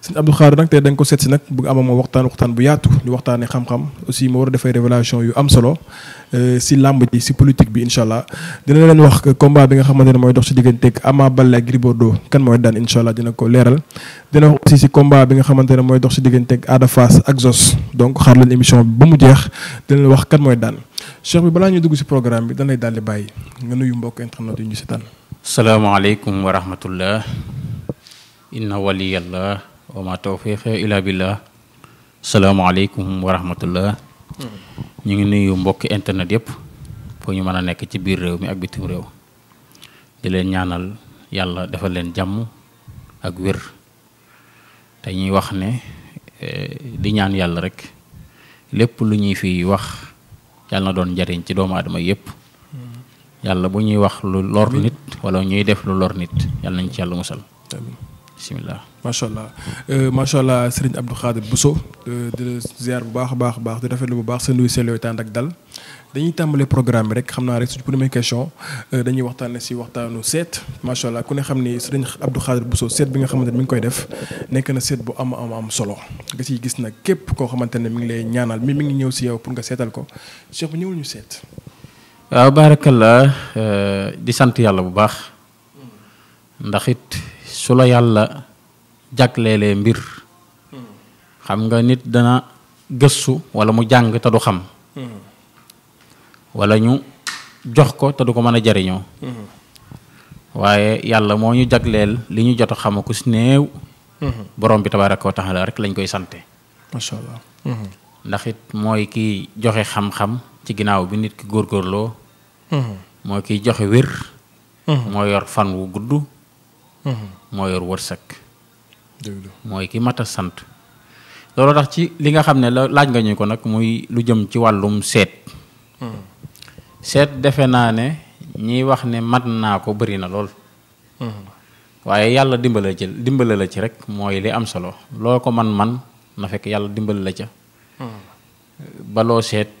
sëñ Abdou Khadre nag tey dañ ko seet si nag bëgg ama moo waxtaan waxtaan bu yaatu ñu waxtaanee xam-xam aussi moo war a defay révélation yu am solo euh, si làmb ji si politique bi incha allah dina leen wax que bi nga xamante ne mooy dox si digganteeg Ama Baldé ak Gris Bordeaux mooy daan incha allah dina ko leeral dina si combat bi nga xamante ne mooy dox si digganteeg Ada Fass ak Zos donc xaar émission bi ba mu jeex dina leen wax kan mooy daan cheikh bi balaa ñu dugg si programme bi danay lay daal di bàyyi nga nuyu mbokk internet yi ñu si tànn. salaamaaleykum wa rahmatullah inna waliyallah wa ma tawfiqi illa billah assalamu alaykum wa rahmatullah ñi ngi nuyu mbokk internet yep fo ñu mëna nek ci biir réew mi ak bitum réew di leen ñaanal yalla defal leen jamm ak wër tay ñi wax ne eh, di ñaan yalla rek lepp lu ñi fi wax yalla na doon jariñ ci doom adama yep yalla bu ñi wax lu lor nit wala ñuy def lu lor nit yalla nañ ci yalla musal bisimilah. macha allah macha allah sëriñ Abdou Khadir Bousso di la ziar bu baax a baax baax di rafetlu bu baax sa nuyu seen yooyu tànd ak dal dañuy tàmbale programme bi rek xam naa rek suñu première question dañuy waxtaanee si waxtaanu seet macha allah ku ne xam ni sëriñ Abdou Khadir Bousso seet bi nga xamante ne mi ngi koy def nekk na seet bu am am am solo nga siy gis nag képp koo xamante ne mi ngi lay ñaanal mi mi ngi ñëw si yow pour nga seetal ko Cheikh bu ñëwul ñu seet. waaw baarakallah di sant yàlla bu baax ndax it sula la yàlla mbir xam nga nit dana gesu wala mu jang ta du xam wala ñu jox ko ta du ko mëna jariño waye yalla mo ñu jagleel li ñu jot xam ko sneew borom bi tabaaraku taala rek lañ koy sante masha allah ndax it moy ki joxe xam-xam ci ginaaw bi nit ki góorgóorloo moy hmm. ki joxe wir hmm. moy yor fan wu guddu moo yor wërsëg mooy ki mat a sant looloo tax ci li nga xam ne la laaj nga ñu ko nag muy lu jëm ci wàllum seet seet defe naa ne ñiy wax ne mat naa ko bari na lool waaye yàlla dimbale ci dimbale la ci rek mooy li am solo loo ko man man na fekk yàlla dimbale la ca baloo seet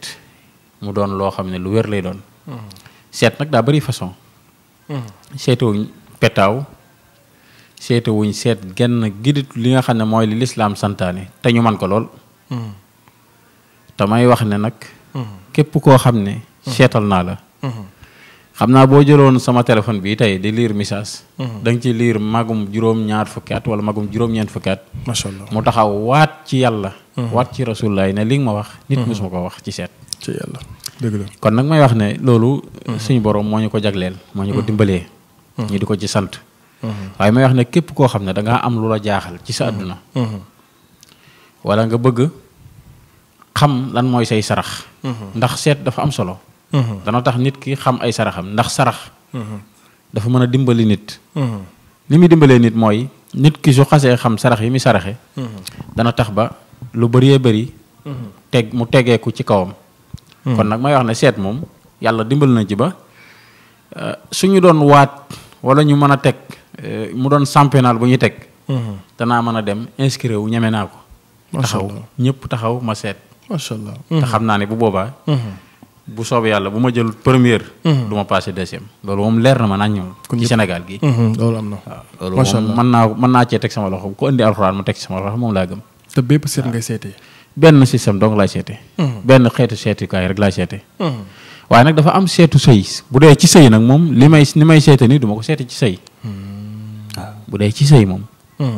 mu doon loo xam ne lu wér lay doon hmm. seet nag daa bëri façon hmm. seetoo pettaaw seete wuñ seet genn gidit li nga xam ne mooy li lislaam santaane te ñu man ko lool hmm. te may wax ne nag hmm. képp koo xam ne hmm. seetal naa la xam naa boo jëloon sama téléphone bi tey di lire message da nga ci lire magum juróom-ñaar fukki at wala magum juróom-ñeent fukki at Allah mu taxaw waat ci yàlla waat ci rasulullaay ne li nga ma wax nit mosuma ko wax ci seet ci yàlla dëgg la kon nag may wax ne loolu suñu borom moo ñu ko jagleel moo ñu ko dimbalee ñu di ko ci sant waaye may wax ne képp koo xam ne da ngaa am lu la jaaxal ci sa aduna wala nga bëgg xam lan mooy say sarax ndax seet dafa am solo dana tax nit ki xam ay saraxam ndax sarax dafa mën dimbali nit ni muy dimbalee nit mooy nit ki su xasee xam sarax yi muy saraxe dana tax ba lu bëree bëri teg mu tegeeku ci kawam kon nag may wax ne seet moom yàlla dimbal na ci ba eh, suñu doon waat wala ñu mën a teg eh, mu doon championnat bu ñu teg. Mhm. danaa mën a dem inscrire wu ñeme naa ko. taxaw ñëpp taxaw ma seet. macha allah te mhm. xam naa ne bu boobaa. Mhm. bu soobee yàlla bu ma jël première. du ma passé deuxième. loolu moom leer na ma naa ñëw. ci Sénégal gi loolu am na waaw loolu moom mën naa mën naa cee teg sama loxo ko indi alxuraan ma teg sama loxo moom laa gëm. te bépp seet ngay seetee. benn système dong laay seete. Hmm. benn xeetu seetukaay rek laay seete. Hmm. waaye nag dafa am seetu sëy bu dee ci sëy nag moom li may ni may seete nii duma ko seete ci sëy. waaw hmm. ah, bu dee ci sëy moom.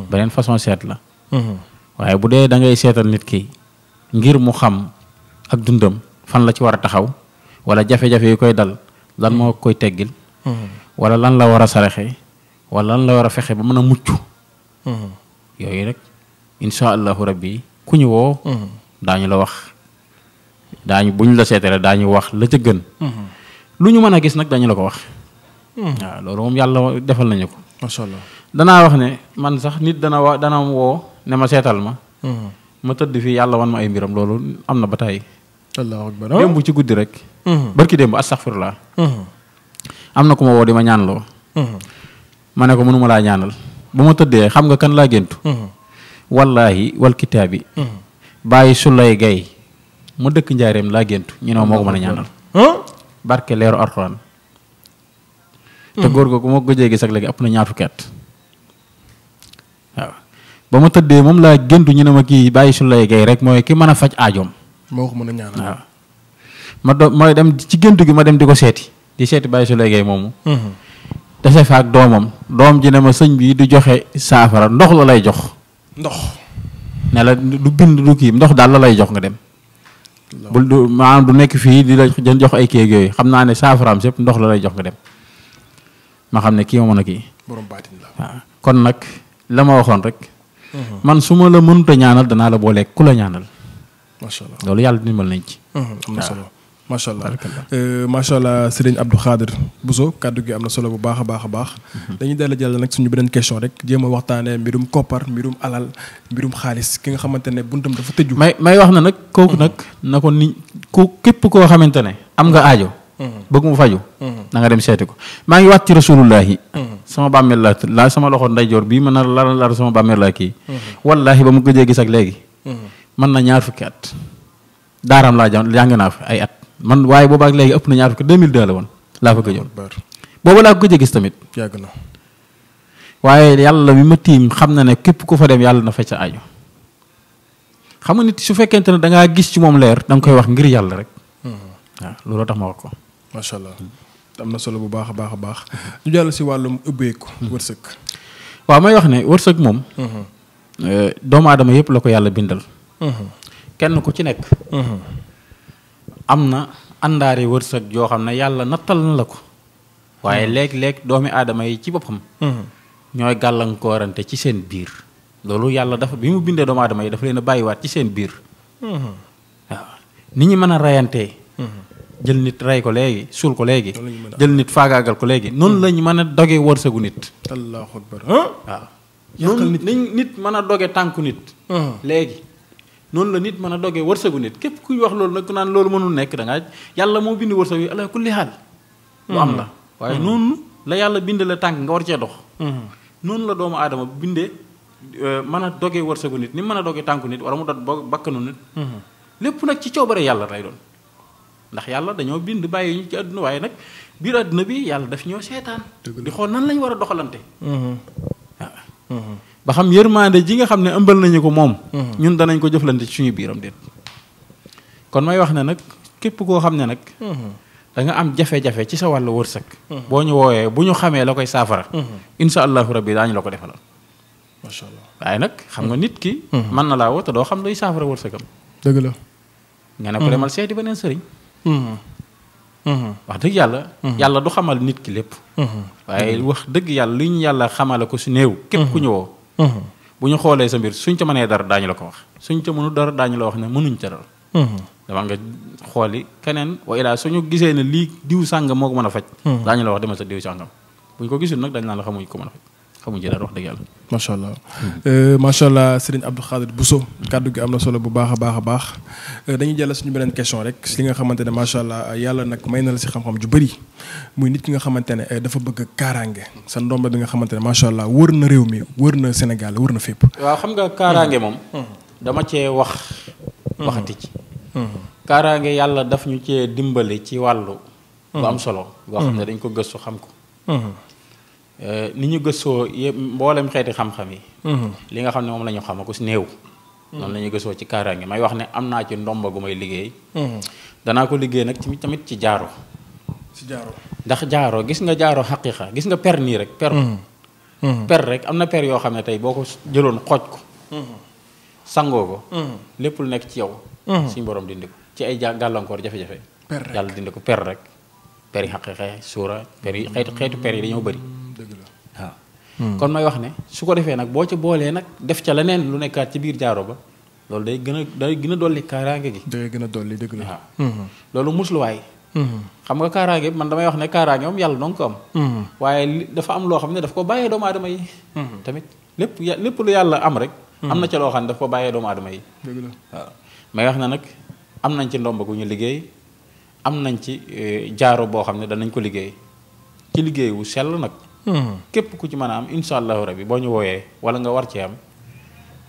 beneen façon seet la. waaye bu dee dangay seetal nit ki ngir mu xam ak dundam fan la ci war a taxaw wala jafe-jafe yu koy dal lan moo koy teggil. wala lan la war a saraxe wala lan la war a fexe ba mën a mucc. yooyu rek incha allahu rabbi kuñu wo woo mhm. daañu la wax dañu buñ la sétéré dañu wax la ci gën mhm. lu ñu mën gis nak dañu la ko wax mhm. loolu mom yalla defal nañu ko macha allah wax ne man sax nit dana wa dana wo ne ma sétal ma ma tedd fii yalla wan ma ay mbiram loolu am na ba allahu akbar ah. bu ci guddi rek barki dem astaghfirullah am na ku wo di ma lo mana ne ko mënuma la ñaanal buma ma xam nga kan la gentu wallaahi wal kitaabi hmm. bàyyi su lay gay mu dëkk njaareem laa géntu ñu ne moo ko mën a hmm. ñaanal hmm? barke leeru alxuraan te góor googu moo ko gëjee gis ak léegi ëpp na ñaar fukki waaw ba ma tëddee moom laa géntu ñu ne ma kii bàyyi sulay gay rek mooy ki mën a faj aajoom moo ko mën a ñaanal waaw ma dem ci géntu gi ma dem di ko seeti di seeti bàyyi sulay gay moomu dese fa ak doomam doom ji ne ma sëñ bi di joxe saafara ndox la lay jox ndox ne la du bind du kii ndox daal la lay jox nga dem. bul du maanaam du nekk fii di la jox ay kéeg yooyu xam naa ne saafaraam sépp ndox la lay jox nga dem ma xam ne kii ma mën a kii. borom baatin la waaw kon nag la ma waxoon rek. Mhm. man su ma la mënut a ñaanal danaa la booleeg ku la ñaanal. macha loolu yàlla dimbal nañ ci. Mhm. am macha allah euh, macha allah sëriñ Abdou Khadir Bousso kàddu gi am na solo bu baax a baax a baax. Mhm. dañuy dala jàll nag suñu beneen question rek jéem a waxtaanee mbirum koppar mbirum alal mbirum xaalis ki nga xamante ne buntam dafa tëju. may may wax na nag kooku nag na ko ni ku képp koo xamante ne am nga aajo. Mhm. bëgg mu faju mhm. na nga dem seeti ko maa ngi waat ci rasulullahi sama bàmmeel laa la sama loxo ndeyjoor bii ma na la la sama bàmmeel laa kii. wallaahi ba mu gëjee gis ak léegi. mën na ñaar fukki at. daaram man waaye ak léegi ëpp na ñaar fukki 2002 la woon laa fa gëjoon booba laa ko gëj a gis tamit yàgg na waaye yàlla mi ma tiim xam na ne képp ku fa dem yàlla na fa ca aju xam nga nit su fekkente ne da ngaa gis ci moom leer da nga koy wax ngir yàlla rek mm-hmm. looloo tax ma wax ko macha allah am na solo bu baax a baax a baax ñu jàll si wàllum ubbeeku mm-hmm. wërsëg waaw may wax ne wërsëg moom mm-hmm. eh, doomu aadama yëpp la ko yàlla bindal kenn ku ci nekk am na àndaari wërsëg yoo xam ne yàlla nattal na la ko waaye mm-hmm. léeg-léeg doomi aadama yi ci boppam mm-hmm. ñooy gàllankoorante ci seen biir loolu yàlla dafa bi mu bindee doomu aadama yi dafa leen a bàyyiwaat ci seen biir mm-hmm. waaw ni ñu mën a reyantee jël nit rey ko léegi suul ko léegi jël nit faagaagal ko léegi noonu lañ mën a doge wërsëgu nit allahu akbar waaw noonu nit mën a doge tànku nit léegi noonu la nit mën a dogee wërsëgu nit képp kuy wax loolu nag ku naan loolu mënul nekk da ngaa yàlla moo bind wërsëg yi ala kulli xaal lu am na waaye hmm. noonu la yàlla bind la tànk nga war cee dox hmm. noonu la doomu aadama bindee euh, mën a dogee wërsëgu nit ni mën a dogee tànku nit wala mu dot bakkanu nit hmm. lépp nag ci coobare yàlla lay doon ndax yàlla dañoo bind bàyyi ñu ci àdduna waaye nag biir àdduna bi yàlla daf ñoo seetaan di xool na lañ war a doxalante waaw ah. ba xam yermande ji nga xam ne ëmbal nañu ko moom hmm. ñun danañ ko jëflante ci suñu biiram déet kon may wax ne nag képp koo xam ne nag hmm. da nga am jafe-jafe ci sa wàllu wërsëg hmm. boo ñu wooyee bu ñu xamee la koy saafara insha allahu rabbi daañu la ko defalal allah waaye nag xam nga nit ki man na laa woo te doo xam luy saafara wërsëgam dëgg la nga ne ko demal seeti beneen sëriñ wax dëgg yàlla yàlla du xamal nit ki lépp waaye wax dëgg yàlla lu yàlla xamale ko su néew képp ku ñu woo Mm-hmm. bu ñu xoolee sa mbir suñ ca mënee dara daañu la ko wax suñ ca mënu dara daañu la wax ne mënuñ ca dara. Mm-hmm. dama nga xooli keneen wa ilaa suñu gisee ne lii diw sàngam moo ko mën a faj. Mm-hmm. daañu la wax demal sa diw sàngam bu ñu ko gisul nag dañ naan la xamuñ ko mën a faj. xamuñ ci dara wax dëgg yàlla. macha allah hmm. euh, macha allah Serigne Abdou Khadir Bousso kàddu gi am na solo bu baax a baax a baax euh, dañuy jàll suñu beneen question rek si li nga xamante ne macha allah yàlla nag may na la si xam-xam ju bari muy nit ki nga xamante ne euh, dafa bëgg kaaraange sa ndomba bi nga xamante ne macha allah wër na réew mi wër na Sénégal wër na fépp. waa xam nga kaaraange hmm. moom. Hmm. dama cee wax. waxati ci. kaaraange yàlla daf ñu cee dimbali ci wàllu. bu am solo. boo xam ne dañ ko gëstu xam ko. Euh, ni ñu gëstoo yëpp mboolem xeeti xam-xam yi. Mhm. li nga xam ne moom lañu ñu xam ko si néew. noonu la ñuy gëstoo ci kaaraange may wax ne am naa ci ndomba gu may liggéey. Mhm. danaa ko liggéey nag ci tamit ci jaaro. ci jaaro ndax jaaro gis nga jaaro xaqiqa gis nga per nii rek. per mhm. per rek am na per yoo xam ne tey boo ko jëloon xooj ko. sangoo ko. lépp lu nekk ci yow. suñu borom dindi ko ci ay ja gàllankoor jafe-jafe. per rek yàlla dindi ko per rek. per yi xaqiqa suura per yi xeetu xeetu per yi dañoo bëri. Hmm. kon may wax ne su ko defee nag boo ca boolee nag def ca leneen lu nekkaat ci biir jaaro ba loolu day gën a day gën a dolli kaaraange gi. day gën a dolli dëgg la waaw. Hmm. loolu musluwaay. Hmm. xam nga kaaraange man damay wax ne kaaraange moom yàlla dong ko am. waaye dafa am loo xam ne daf ko bàyyee doomu aadama yi. tamit lépp lépp lu yàlla am rek. am na ca loo xam ne daf ko bàyyee doomu aadama yi. dëgg la may wax na nag am nañ ci ndomb gu ñu liggéey am nañ ci eh, jaaro boo xam ne danañ ko liggéey ci liggéeyu sell nag. képp ku ci mën a am incha allahu rabi boo ñu wooyee wala nga war cee am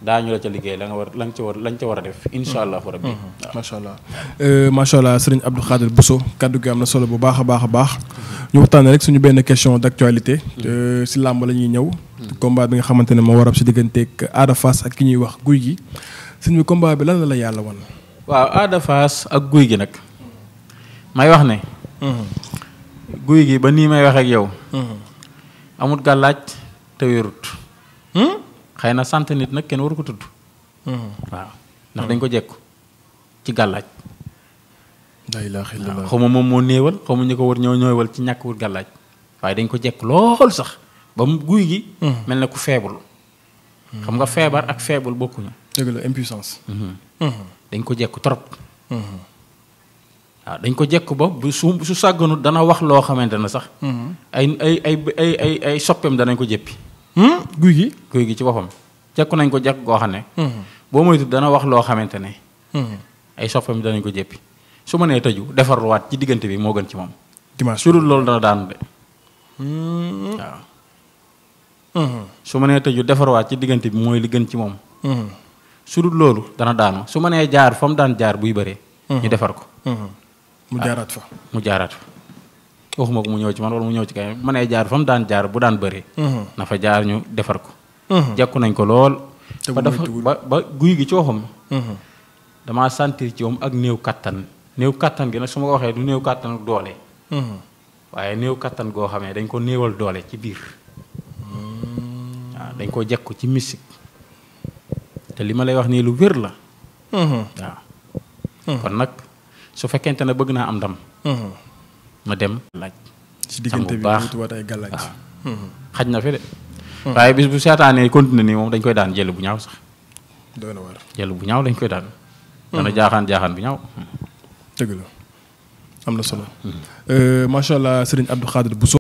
daañu la ca liggéey la nga war lañ ca war lañ ca war a def incha allahu rabi. macha mm-hmm. mm-hmm. allah euh, macha allah sëriñ Abdou Khadir Bousso kaddu gi am na solo bu baax a baax a baax. ñu waxtaanee rek suñu benn question d' actualité. Mm-hmm. Euh, si làmb la ñuy ñëw. combat bi nga xamante ne moo war a si digganteeg Ada fas ak ki ñuy wax guy gi sëñ bi combat bi lan la la yàlla wan. waaw Ada fas ak guy gi nag. may wax ne. guy gi ba nii may wax ak yow. amut gàllaaj te wérut hmm? xëy na sant nit nag kenn waru ko tudd hmm. waaw ndax dañ ko jekku ci gàllaaj la ilaha illallah xaw ma moom moo néewal xaw ma ñu ko war ñoo ñooywal ci ñàkk wut gàllaaj waaye dañ ko jekk lool sax ba mu guy gi hmm. mel na ku feebul xam nga feebar ak feebul bokkuñu dëgg dañ ko jekku trop waaw dañ ko jekk ba bu su su sàgganu dana wax loo xamante ne sax. ay ay ay ay ay ay soppeem danañ ko jéppi. Hmm? guy gi guy ci boppam jekku nañ ko jekk goo xam ne. Hmm. boo moytu dana wax loo xamante ne. Hmm. ay soppeem danañ ko jéppi su ma nee tëju defarluwaat ci diggante bi moo gën ci moom. dimanche su loolu dana daanu ma nee tëju defarwaat ci diggante bi mooy li gën ci moom. su dul loolu dana daanu su ma nee jaar fa daan jaar buy bëree. ñu defar ko. mu jaaraat ah, fa mu jaaraat fa oh, waxuma ko mu ñëw ci man wala mu ñëw ci kay ma jaar fa daan jaar bu daan bëri mhm. na fa jaar ñu defar ko mhm. jekku nañ ko lool ba dafa ba ba guy gi ci waxam mhm. dama sentir ci moom ak néew kattan néew kattan gi nag su ko waxee du néew kattan waaye kattan goo dañ ko néewal doole ci biir dañ ko ci misik te li ma lay wax lu wér la kon su fekkente ne bëgg naa am ndam. Mhm. ma dem laaj. ci diggante bi wut ay gàllaaj ah. mhm. xaj na fi de. Mhm. waaye bis bu seetaanee continuer nii moom dañ koy daan jël bu ñaaw sax. doy na jël bu ñaaw dañ koy daan. dana jaaxaan jaaxaan bu ñaaw. dëgg la am na solo. Euh,